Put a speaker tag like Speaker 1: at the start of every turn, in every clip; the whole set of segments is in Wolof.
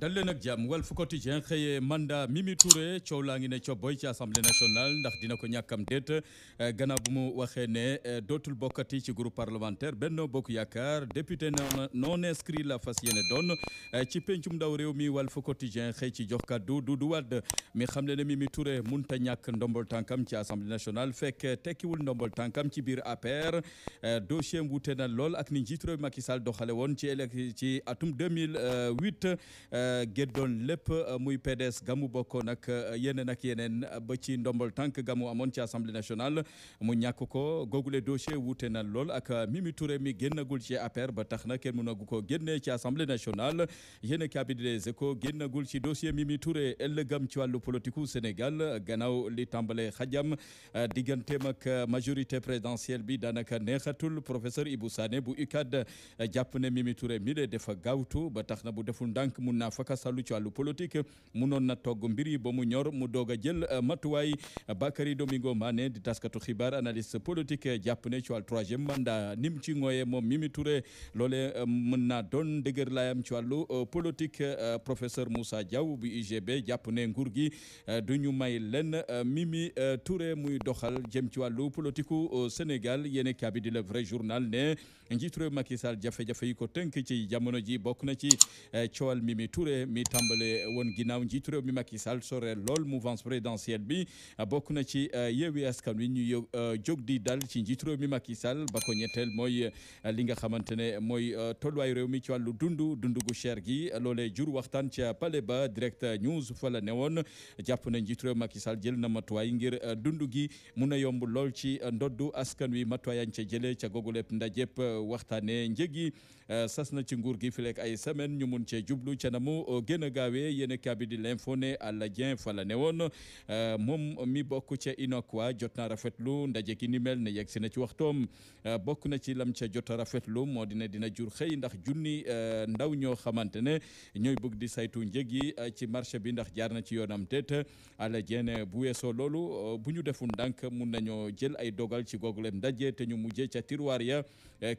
Speaker 1: dal leen ak jàmm Walf Quotidien xëyee mandat Mimi Touré coow laa ngi ne cobboy ci assemblée nationale ndax dina ko ñàkkam déet eh, gannaaw bu mu waxee ne eh, dootul bokkati ci groupe parlementaire Benno Bokk Yaakaar député non inscrit la fas yéene doon eh, ci pencum ndaw réew mi Walf Quotidien xëy ci jox kaddu Doudou Wade mi xam ne mi Mimi Touré munta ñàkk ndombol tànkam ci assemblée nationale fekk tekkiwul ndombol tànkam ci biir APR dossier wute na lool ak ni njiitu réew Macky Sall woon ci ci atum 2008 géddoon lépp euh, muy PDS gamu bokkoon ak euh, yeneen ak yeneen euh, ba ndombol tànk gamu amoon ci assemblée nationale mu ñàkk ko googule dossier wuute na lool ak Mimi Touré mi gul ci APR ba tax na kenn mënagu ko génne ci assemblée nationale yéen a cabinet des échos génnagul ci dossier Mimi Touré ëllëgam ci wàllu politiku Sénégal gannaaw li tàmbale xajam digganteem ak majorité présidentielle bi daanaka neexatul professeur Ibou Sané bu UCAD jàpp ne Mimi Touré mi le fakasalu ci wàllu mu noon na togg mbir yi ba mu ñor mu doog a jël euh, matuwaay Bakary Domingo Mané di taskatu xibaar analyste politique jàpp ne ci wàllu troisième mandat nim ci ngooyee moom Mimi Touré loole euh, mën naa doon dëgër laayam ci wàllu euh, politique professeur Moussa Diaw bi UGB jàpp ne nguur gi du ñu may lenn Mimi Touré muy doxal jëm ci wàllu politique Sénégal yéene kabi di le vrai journal ne njiitu réew jafe-jafe yi ko tënk ci jamono ji bokk na ci coowal Mimi Touré Touré mi tàmbale woon ginnaaw njiitu réew mi Macky Sall sore lool mouvance présidentielle bi bokk na ci euh, Yewwi Askan Wi ñu euh, jóg di dal ci njiitu mi Macky Sall ba ko ñetteel mooy euh, li nga xamante ne mooy tolluwaay réew mi ci wàllu dundu dundu gu cher gi loolee jur waxtaan ca pale ba direct news fa la newoon jàpp na njiitu réew Macky jël na matuwaay ngir dundu gi mun a yomb lool ci ndoddu askan wi matuwaay yañ ca jëlee ca googu lépp ndajëpp waxtaanee njëg yi sas na ci nguur gi fileek ay mu euh, gën a gaawee yéen a kabi di l'info ne Alla Dieng woon euh, moom mi bokk ca Inokwa jot naa rafetlu ndaje gi ni mel ne yegg si na ci waxtoom euh, bokk na ci lam ca jot a rafetlu moo di ne dina jur xëy ndax junni ndaw ñoo xamante ne ñooy bëgg di saytu njëg yi ci marché bi ndax jaar na ci yoonam déet Alla Dieng bu weesoo loolu bu ñu deful ndànk mun nañoo jël ay dogal ci googlem ndaje te ñu mujjee ca tiroir ya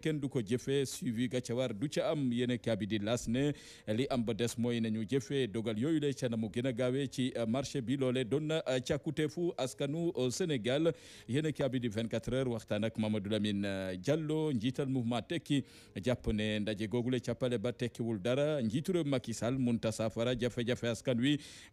Speaker 1: kenn du ko jëfee suivi ga du ca am yéen a las ne li am ba mooy nañu jëfee dogal yooyu lay ca na mu gën a ci euh, marché bi loole doon na euh, càkkuteefu askanu euh, Sénégal yéen a kaabi di 24 heures waxtaan ak Mamadou Lamine Diallo njiital mouvement tekki jàpp ne ndaje googu la càppale ba tekkiwul dara njiitu réew Macky Sall munta saafara jafe-jafe askan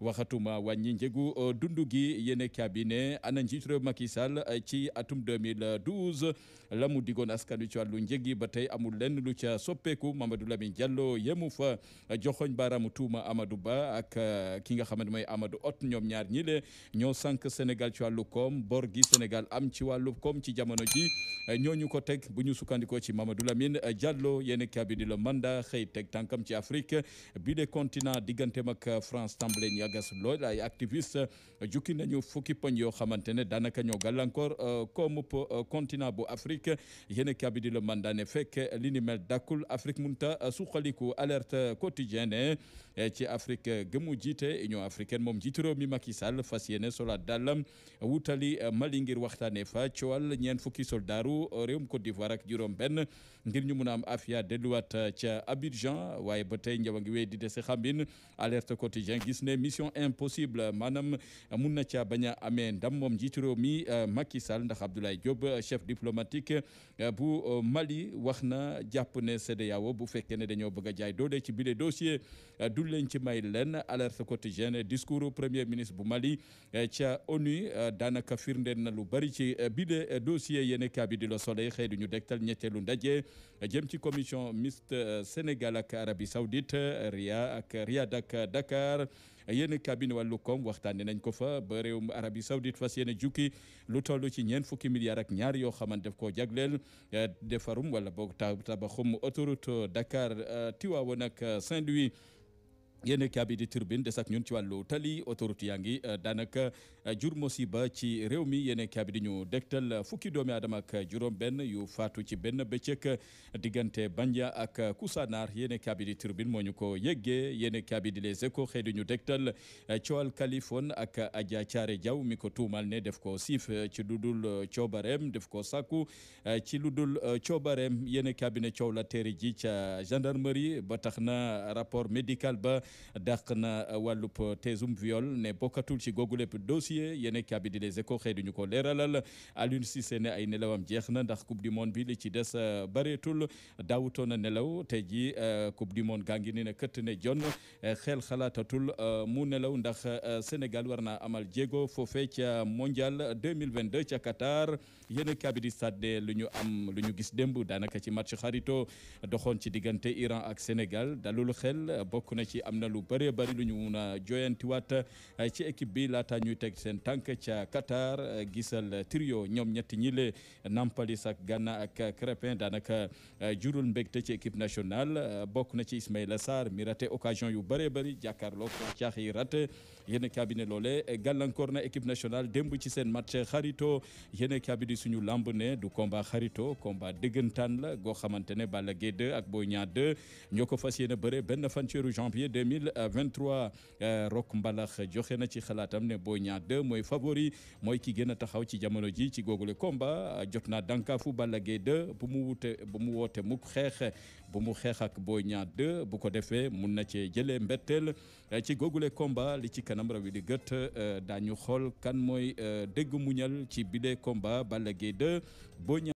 Speaker 1: waxatuma wàññi njëgu dundu gi yéen a kaabi ne ana njiitu réew Macky Sall ci atum 2012 la mu digoon askan wi ci wàllu njëg yi ba tey amul lenn lu ca soppeeku Mamadou Lamine Diallo yemu fa joxoñ baaraam mu tuuma Amadou Ba ak euh, ki nga xamante mooy Amadou Hott ñoom ñaar ñile le ñoo sànq Sénégal ci wàllu koom bor gi Sénégal am ci wàllu koom ci jamono ji euh, ñoo ñu ko teg bu ñu sukkandikoo ci Mamadou Lamine Diallo yéen kabidi le mandat xëy teg tànkam ci Afrique bi de continent diggante mak France tàmbale ñu agas lool ay activiste jukki nañu fukki poñ yoo xamante ne daanaka ñoo gàllankoor euh, koomu continent bu Afrique yéen kabidi le mandat ne fekk li ni mel dàkkul Afrique munta suqaliku alerte Eh, ci Afrique eh, gëmu jiite Union africaine moom jiitu réew mi Macky Sall fas yéene solaat dàllam eh, wutali Mali ngir waxtaanee fa coowal ñeen fukki soldaaru réewum Côte d'Ivoire ak juróom-benn ngir ñu mun a am afia delluwaat ca Abidjan waaye ba tey njaw a ngi wéy di dese xambin alerte quotidien gis ne mission impossible maanaam mun na caa bañ a amee ndam moom jiitu réew mi Macky Sall ndax Abdoulaye Diop chef diplomatique bu Mali wax na jàpp ne CEDEAO bu fekkee ne dañoo bëgg a jaay doole ci bile Euh, duñ leen ci may leen alerte quotidienne discours premier ministre bu Mali euh, ca ONU euh, daanaka firndeen na lu bari ci bi de dossier yéen kabi di Le Soleil xëy du ñu dektal ñetteelu ndaje jëm ci commission mixte Sénégal ak Arabie Saoudite Riyad ak Riyad ak Dakar yéen kabi wàllu koom waxtaanee nañ ko fa ba réewum Arabie Saoudite fas yéene jukki lu toll ci ñeent fukki milliards ak ñaar yoo xamante def koo jagleel defarum wala boog tabaxum autoroute Dakar Tivaouane ak Saint-Louis yéen kaabi di turbine des ak ñun ci wàllu tali autoroute yaa ngi euh, daanaka euh, jur musiba ci réew mi yéen kaabi di ñu dégtal fukki doomi aadama ak juróom-benn yu faatu ci benn bëccëg diggante Bandia ak Koussanar yéen kaabi di turbine moo ñu ko yeggee yéen kaabi di les Échos xëy di ñu dégtal euh, coowal Kalifone ak Adja Thiaré Diaw mi ko tuumal ne def ko siif ci lu dul coobareem def ko sàkku ci lu dul coobareem yéen kaabi ne coow la teere ji ca gendarmerie ba tax na rapport médical dàq na wàllub teesum viol ne bokkatul ci googu lépp dossier yéen kabi di les échos xëy duñu ko leeralal Aliou Cissé ne ay nelawam jeex na ndax coupe du monde bi li ci des euh, bareetul daawutoon a nelaw te jii euh, coupe du monde gaa ngi ni ne këtt ne jon xel xalaatatul euh, mu nelaw ndax Sénégal war naa amal jéego foofee ca mondial 2022 ca Qatar yéen kabi sadde lu ñu am lu ñu gis démb daanaka ci match xarito doxoon ci diggante Iran ak Sénégal dalul xel bokk na ci am am na lu bëree bëri lu ñu mun a joyantiwaat eh, ci équipe bi laata ñuy teg seen tànk ca Qatar eh, gisal trio ñoom ñetti ñi le Nampalis ak ganna ak Crépin daanaka eh, jurul mbégte ci équipe nationale bokk na ci Ismaïla Sarr mi raté occasion yu bëree bëri jàkkaarloo ko caax yi raté yéen cabinet loole gàllankoor na équipe national demb ci seen match xarito yéen cabinet suñu lamb ne du combat xarito combat dëggantaan la goo xamante ne Balla Gaye 2 ak Boy Niang 2 ñoo fas yéene bëre benn 2023 euh, euh, rok Mbalax joxe na ci xalaatam ne boo ñaad mooy favori mooy ki gën a taxaw ci jamono ji ci googule komba jot naa dànkaafu Balla Gaye 2 bu mu wute bu mu woote mukk xeex bu mu xeex ak Boy Niang bu ko defee mun na cee jëlee mbetteel euh, ci googule combat li ci kanam rawi di gët daañu xool kan mooy dégg muñal ci bile combat Balla Gaye 2 Boy Niang